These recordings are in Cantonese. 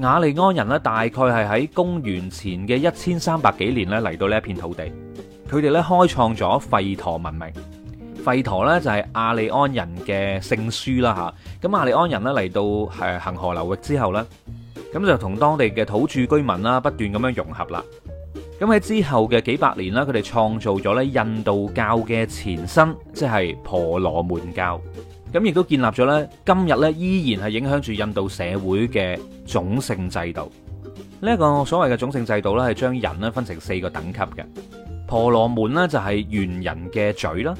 雅利安人咧大概係喺公元前嘅一千三百幾年咧嚟到呢一片土地，佢哋咧開創咗吠陀文明。吠陀咧就係雅利安人嘅聖書啦吓。咁雅利安人咧嚟到誒恒河流域之後呢，咁就同當地嘅土著居民啦不斷咁樣融合啦。咁喺之後嘅幾百年呢，佢哋創造咗咧印度教嘅前身，即係婆羅門教。咁亦都建立咗呢，今日呢，依然係影響住印度社會嘅種姓制度。呢一個所謂嘅種姓制度呢，係將人呢分成四個等級嘅。婆羅門呢，就係猿人嘅嘴啦，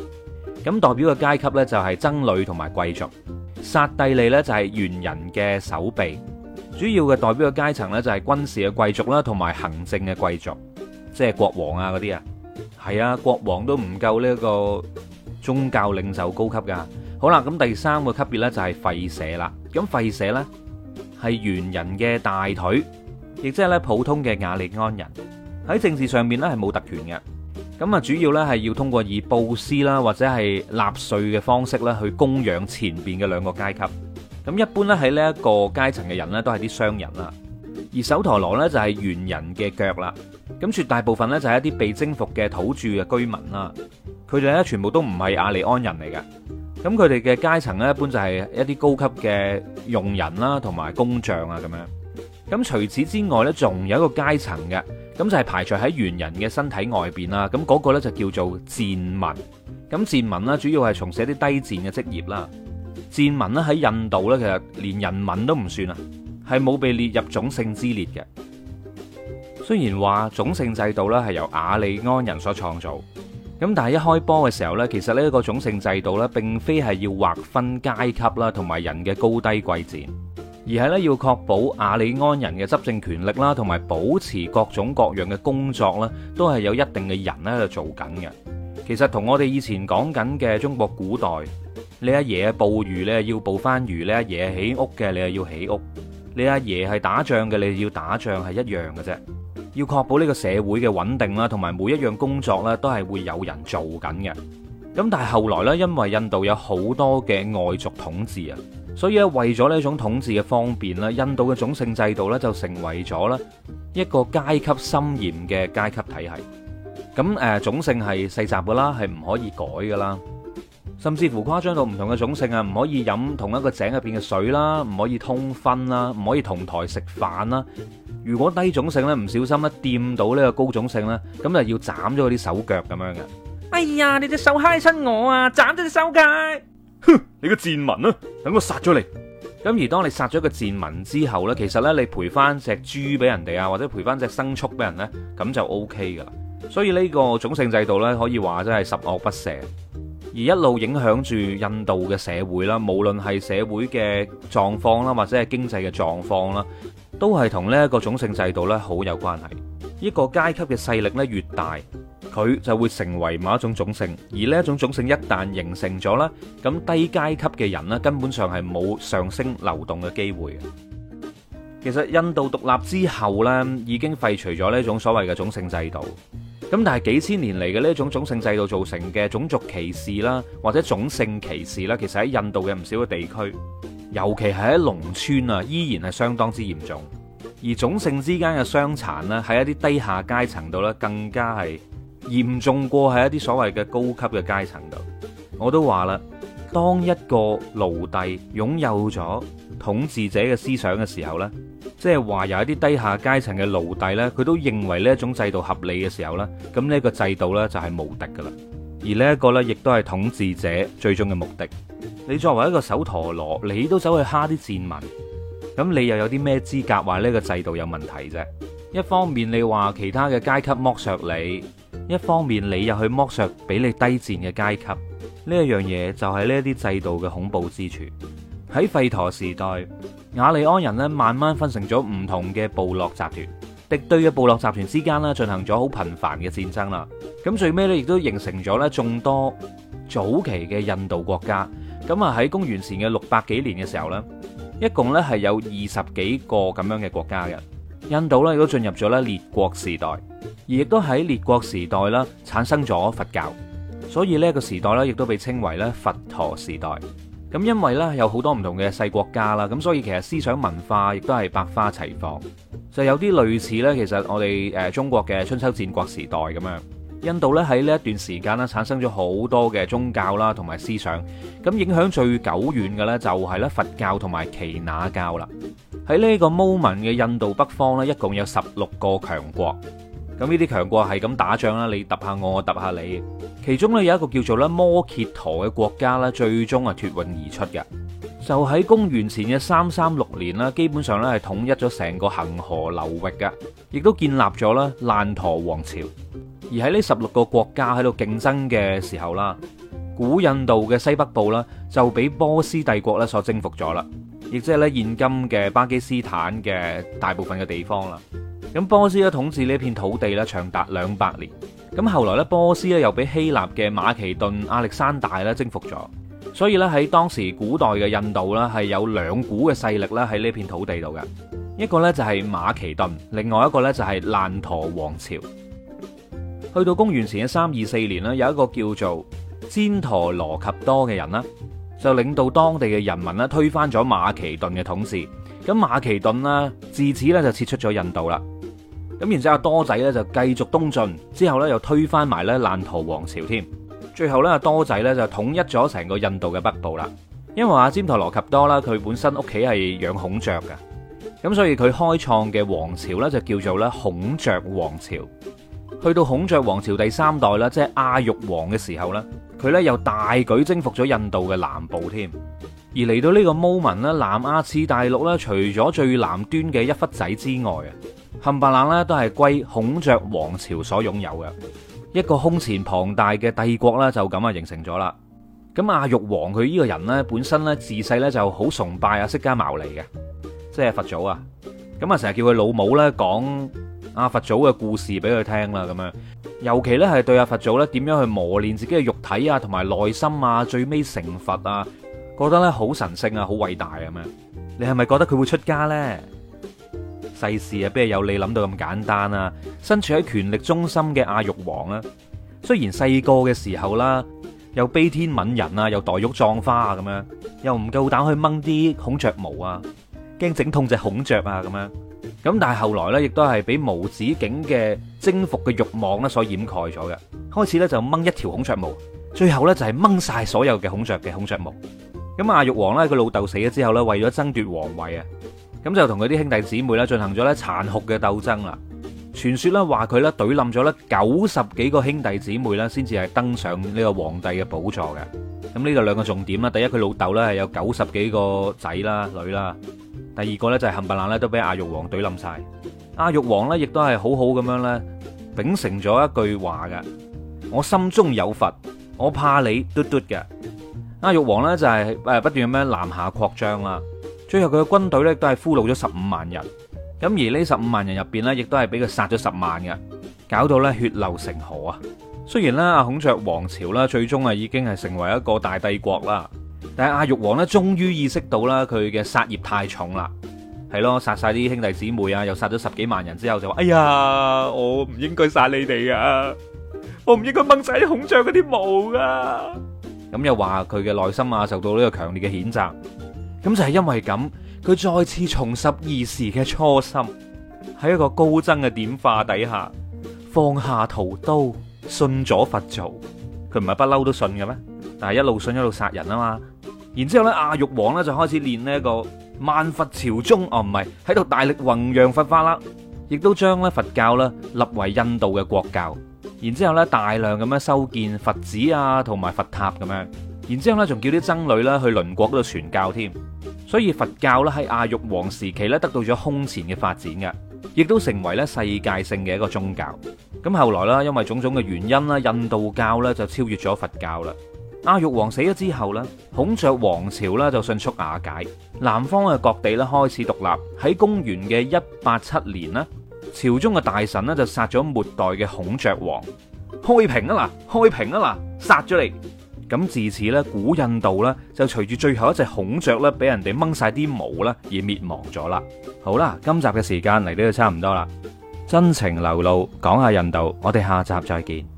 咁代表嘅階級呢，就係僧侶同埋貴族。剎帝利呢，就係猿人嘅手臂，主要嘅代表嘅階層呢，就係軍事嘅貴族啦，同埋行政嘅貴族，即係國王啊嗰啲啊。係啊，國王都唔夠呢一個宗教領袖高級㗎。好啦，咁第三個級別咧就係吠舍啦。咁吠舍咧係原人嘅大腿，亦即係咧普通嘅雅利安人喺政治上面咧係冇特權嘅。咁啊，主要咧係要通過以布施啦或者係納稅嘅方式咧去供養前邊嘅兩個階級。咁一般咧喺呢一個階層嘅人咧都係啲商人啦。而首陀羅咧就係原人嘅腳啦。咁絕大部分咧就係一啲被征服嘅土著嘅居民啦。佢哋咧全部都唔係雅利安人嚟嘅。咁佢哋嘅階層咧，一般就係一啲高級嘅傭人啦，同埋工匠啊咁樣。咁除此之外咧，仲有一個階層嘅，咁就係、是、排除喺猿人嘅身體外邊啦。咁、那、嗰個咧就叫做賤民。咁賤民咧，主要係從事一啲低賤嘅職業啦。賤民咧喺印度呢，其實連人民都唔算啊，係冇被列入種姓之列嘅。雖然話種姓制度咧係由雅利安人所創造。咁但係一開波嘅時候咧，其實呢一個種姓制度咧，並非係要劃分階級啦，同埋人嘅高低貴賤，而係咧要確保雅利安人嘅執政權力啦，同埋保持各種各樣嘅工作啦，都係有一定嘅人咧喺度做緊嘅。其實同我哋以前講緊嘅中國古代，你阿爺係捕魚，你係要捕翻魚；你阿爺係起屋嘅，你係要起屋；你阿爺係打仗嘅，你要打仗，係一樣嘅啫。要確保呢個社會嘅穩定啦，同埋每一樣工作咧都係會有人做緊嘅。咁但係後來咧，因為印度有好多嘅外族統治啊，所以咧為咗呢一種統治嘅方便咧，印度嘅種姓制度咧就成為咗咧一個階級森嚴嘅階級體系。咁誒種姓係世襲噶啦，係唔可以改噶啦，甚至乎誇張到唔同嘅種姓啊唔可以飲同一個井入邊嘅水啦，唔可以通婚啦，唔可以同台食飯啦。如果低種性咧唔小心咧掂到呢個高種性咧，咁就要斬咗佢啲手腳咁樣嘅。哎呀，你隻手揩親我啊！斬咗隻手腳。哼，你個賤民啊，等我殺咗你。咁而當你殺咗一個賤民之後咧，其實咧你賠翻隻豬俾人哋啊，或者賠翻隻牲畜俾人咧，咁就 O K 噶啦。所以呢個種姓制度咧，可以話真係十惡不赦，而一路影響住印度嘅社會啦，無論係社會嘅狀況啦，或者係經濟嘅狀況啦。都係同呢一個種姓制度咧好有關係。一個階級嘅勢力咧越大，佢就會成為某一種種姓。而呢一種種姓一旦形成咗啦，咁低階級嘅人咧根本上係冇上升流動嘅機會。其實印度獨立之後呢，已經廢除咗呢種所謂嘅種姓制度。咁但係幾千年嚟嘅呢一種種姓制度造成嘅種族歧視啦，或者種姓歧視啦，其實喺印度嘅唔少嘅地區，尤其係喺農村啊，依然係相當之嚴重。而種姓之間嘅傷殘咧，喺一啲低下階層度咧，更加係嚴重過喺一啲所謂嘅高級嘅階層度。我都話啦，當一個奴隸擁有咗統治者嘅思想嘅時候呢，即係話有一啲低下階層嘅奴隸呢，佢都認為呢一種制度合理嘅時候呢，咁呢一個制度呢，就係無敵㗎啦。而呢一個呢，亦都係統治者最終嘅目的。你作為一個首陀羅，你都走去蝦啲賤民，咁你又有啲咩資格話呢個制度有問題啫？一方面你話其他嘅階級剝削你，一方面你又去剝削比你低賤嘅階級，呢一樣嘢就係呢啲制度嘅恐怖之處。喺吠陀時代，雅利安人呢慢慢分成咗唔同嘅部落集團。敵對嘅部落集團之間啦，進行咗好頻繁嘅戰爭啦。咁最尾咧，亦都形成咗咧眾多早期嘅印度國家。咁啊，喺公元前嘅六百幾年嘅時候咧，一共咧係有二十幾個咁樣嘅國家嘅印度咧，亦都進入咗咧列國時代，而亦都喺列國時代啦產生咗佛教，所以呢個時代咧，亦都被稱為咧佛陀時代。咁因為呢有好多唔同嘅細國家啦，咁所以其實思想文化亦都係百花齊放，就有啲類似呢，其實我哋誒中國嘅春秋戰國時代咁樣。印度呢喺呢一段時間咧產生咗好多嘅宗教啦同埋思想，咁影響最久遠嘅呢，就係咧佛教同埋耆那教啦。喺呢個 moment 嘅印度北方呢，一共有十六個強國。咁呢啲強國係咁打仗啦，你揼下我，我揼下你。其中咧有一個叫做咧摩揭陀嘅國家啦，最終啊脱穎而出嘅，就喺公元前嘅三三六年啦，基本上咧係統一咗成個恒河流域嘅，亦都建立咗咧蘭陀王朝。而喺呢十六個國家喺度競爭嘅時候啦，古印度嘅西北部啦就俾波斯帝國咧所征服咗啦，亦即係咧現今嘅巴基斯坦嘅大部分嘅地方啦。咁波斯咧統治呢片土地咧，長達兩百年。咁後來呢，波斯咧又俾希臘嘅馬其頓亞歷山大咧征服咗。所以咧喺當時古代嘅印度呢，係有兩股嘅勢力咧喺呢片土地度嘅，一個呢就係馬其頓，另外一個呢就係蘭陀王朝。去到公元前嘅三二四年呢，有一個叫做旃陀羅及多嘅人啦，就領導當地嘅人民咧推翻咗馬其頓嘅統治。咁馬其頓呢，自此呢就撤出咗印度啦。咁然之後，阿多仔咧就繼續東進，之後咧又推翻埋咧難陀王朝添。最後咧，阿多仔咧就統一咗成個印度嘅北部啦。因為阿旃陀羅笈多啦，佢本身屋企係養孔雀嘅，咁所以佢開創嘅王朝咧就叫做咧孔雀王朝。去到孔雀王朝第三代啦，即係阿育王嘅時候咧，佢咧又大舉征服咗印度嘅南部添。而嚟到呢個 moment 啦，南亞次大陸咧，除咗最南端嘅一忽仔之外啊。冚唪唥咧都係歸孔雀王朝所擁有嘅一個空前龐大嘅帝國咧就咁啊形成咗啦。咁阿育王佢呢個人咧本身咧自細咧就好崇拜阿釋迦牟尼嘅，即係佛祖啊。咁啊成日叫佢老母咧講阿佛祖嘅故事俾佢聽啦咁樣。尤其咧係對阿佛祖咧點樣去磨練自己嘅肉體啊同埋內心啊最尾成佛啊，覺得咧好神聖啊好偉大咁樣。你係咪覺得佢會出家咧？世事啊，邊有你諗到咁簡單啦！身處喺權力中心嘅阿育王啦，雖然細個嘅時候啦，又悲天憫人啊，又黛玉葬花啊咁樣，又唔夠膽去掹啲孔雀毛啊，驚整痛隻孔雀啊咁樣。咁但係後來呢，亦都係俾無止境嘅征服嘅欲望呢所掩蓋咗嘅。開始呢，就掹一條孔雀毛，最後呢，就係掹晒所有嘅孔雀嘅孔雀毛。咁阿育王呢，個老豆死咗之後呢，為咗爭奪皇位啊。咁就同佢啲兄弟姊妹咧進行咗咧殘酷嘅鬥爭啦。傳說咧話佢咧懟冧咗咧九十幾個兄弟姊妹啦，先至係登上呢個皇帝嘅寶座嘅。咁呢度兩個重點啦，第一佢老豆咧係有九十幾個仔啦女啦，第二個咧就係冚唪唥咧都俾阿玉皇懟冧晒。阿玉皇咧亦都係好好咁樣咧秉承咗一句話嘅，我心中有佛，我怕你嘟嘟嘅。阿玉皇咧就係誒不斷咁樣南下擴張啦。最後佢嘅軍隊咧都係俘虜咗十五萬人，咁而呢十五萬人入邊咧，亦都係俾佢殺咗十萬嘅，搞到咧血流成河啊！雖然咧孔雀王朝啦，最終啊已經係成為一個大帝國啦，但係阿育王咧終於意識到啦，佢嘅殺業太重啦，係咯，殺晒啲兄弟姊妹啊，又殺咗十幾萬人之後就話：哎呀，我唔應該殺你哋啊，我唔應該掹晒孔雀嗰啲毛㗎啊。咁又話佢嘅內心啊受到呢個強烈嘅譴責。咁就係因為咁，佢再次重拾兒時嘅初心，喺一個高僧嘅點化底下，放下屠刀，信咗佛祖。佢唔係不嬲都信嘅咩？但係一路信一路殺人啊嘛。然之後咧，阿育王呢，就開始練呢個萬佛朝宗。哦，唔係喺度大力弘揚佛法啦，亦都將咧佛教咧立為印度嘅國教。然之後咧，大量咁樣修建佛寺啊，同埋佛塔咁樣。然之後咧，仲叫啲僧侶咧去鄰國度傳教添，所以佛教咧喺阿育王時期咧得到咗空前嘅發展嘅，亦都成為咧世界性嘅一個宗教。咁後來咧，因為種種嘅原因啦，印度教咧就超越咗佛教啦。阿育王死咗之後咧，孔雀王朝咧就迅速瓦解，南方嘅各地咧開始獨立。喺公元嘅一八七年咧，朝中嘅大臣咧就殺咗末代嘅孔雀王。開平啊嗱，開平啊嗱，殺咗你！咁自此咧，古印度咧就隨住最後一隻孔雀咧，俾人哋掹晒啲毛啦，而滅亡咗啦。好啦，今集嘅時間嚟到就差唔多啦，真情流露講下印度，我哋下集再見。